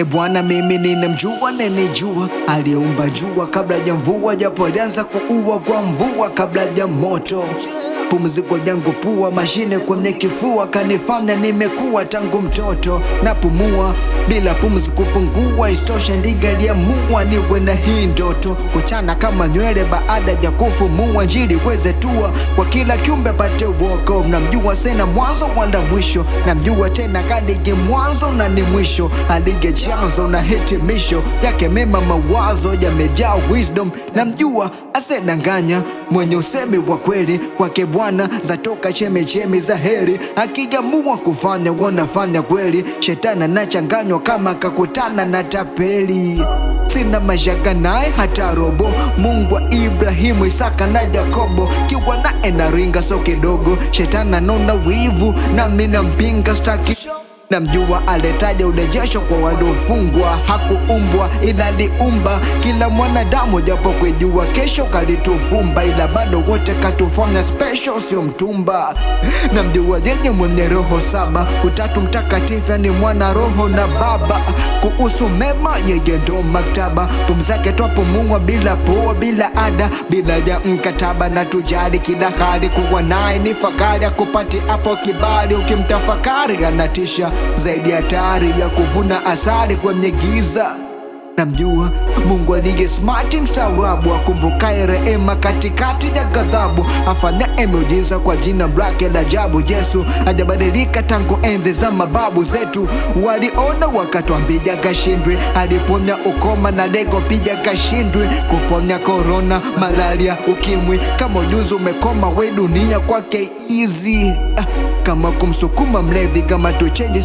E Bwana, mimi ninamjua jua aliyeumba jua kabla ya mvua, japo alianza kuua kwa mvua kabla ya moto pumziko jangu pua, mashine kwenye kifua kanifanya nimekuwa tangu mtoto napumua bila pumzi kupungua. Istoshe ningeliamua niwe na hii ndoto, kuchana kama nywele baada ya kufumua, njiri kweze tua kwa kila kiumbe pate uoko. Namjua sena mwanzo wanda mwisho, namjua tena kadiji mwanzo na ni mwisho, alige chanzo na hitimisho yake mema, mawazo yamejaa wisdom. Namjua asenanganya mwenye usemi wa kweli wake Bwana zatoka chemechemi za heri, akiamua kufanya wanafanya kweli. Shetani anachanganywa kama kakutana na tapeli. Sina mashaka naye hata robo, Mungu wa Ibrahimu, Isaka na Yakobo, kiwa naye naringa so kidogo. Shetani anona wivu, nami nampinga staki namjua aletaja urejesho kwa waliofungwa. Hakuumbwa ila liumba kila mwanadamu, japo kwijua kesho kalitufumba, ila bado wote katufanya special, sio mtumba. Namjua yeye mwenye roho saba, utatu mtakatifu, yani mwana roho na Baba. Kuhusu mema yeye ndo maktaba, pumzake twapumua bila poa, bila ada, bila ya mkataba, na tujali kila hali, kuwa naye ni fakari akupati hapo kibali, ukimtafakari anatisha zaidi hatari ya kuvuna asali kwenye giza namjua Mungu aliye smart, mstaarabu, akumbukaye rehema katikati ya ghadhabu, afanya miujiza kwa jina lake la ajabu. Yesu hajabadilika tangu enzi za mababu zetu, waliona wakatwambia kashindwe, aliponya ukoma na lego pija kashindwe, kuponya korona, malaria, ukimwi. Kama ujuzi umekoma we, dunia kwake izi kama kumsukuma mlevi, kama to change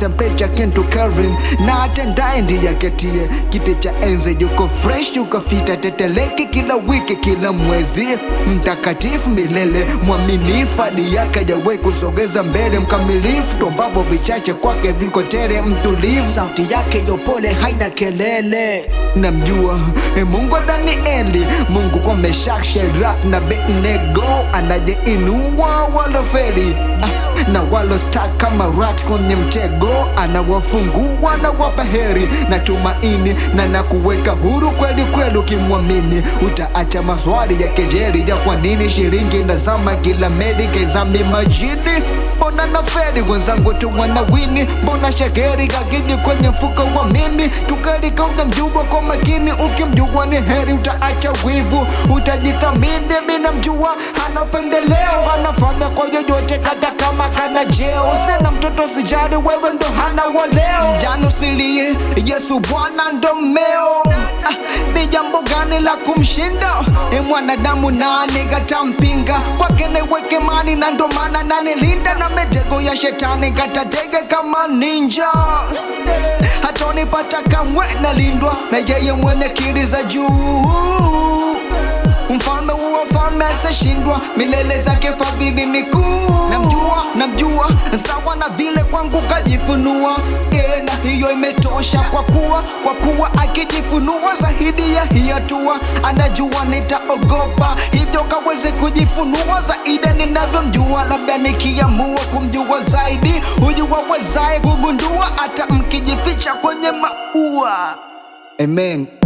temperature kentu Kelvin, na atendaye ndiye aketie kiti cha enze yuko fresh, yuko fita, teteleke kila wiki, kila mwezi, mtakatifu milele, mwaminifu, hadi yake hajawahi kusogeza mbele, mkamilifu, tombavo vichache kwake viko tele, mtulivu, sauti yake yopole, haina kelele, namjua e, Mungu Danieli, Mungu kwa Meshak, Shadrach na Abednego, anajeinua waloferi ah, na walosta kama rat kwenye mtego, anawafungua na wapaheri na tumaini na nakuweka huru kweli kweli. Ukimwamini utaacha maswali ya kejeli ya kwa nini shilingi zama kila meli kaizami majini. Mbona na feri wenzangu tu wini mbona shakeri kakiji kwenye mfuko wa mimi tukalika. mjubwa kwa makini, ukimjua ni heri, utaacha wivu, utajithamini. Mimi namjua anapendeleo, anafanya kwa yoyote na jeo sena mtoto sijari, wewe ndo hana waleo. Jana silie Yesu Bwana ndo mmeo. Ah, ni ah, jambo gani la kumshinda e mwanadamu? Nani katampinga? Kwake naiweke mani, na ndo maana nanilinda na metego ya shetani, katatege kama ninja hatonipata kamwe, nalindwa na yeye mwenye kiri za juu mfalme huo mfalme aseshindwa milele zake fadhili ni kuu. Namjua, namjua sawa na vile kwangu kajifunua e, na hiyo imetosha kwa kuwa kwa kuwa akijifunua zaidi ya hiyatua anajua nitaogopa, hivyo kaweze kujifunua zaidi ninavyomjua, labda nikiamua kumjua zaidi, hujua wezaye kugundua hata mkijificha kwenye maua. Amen.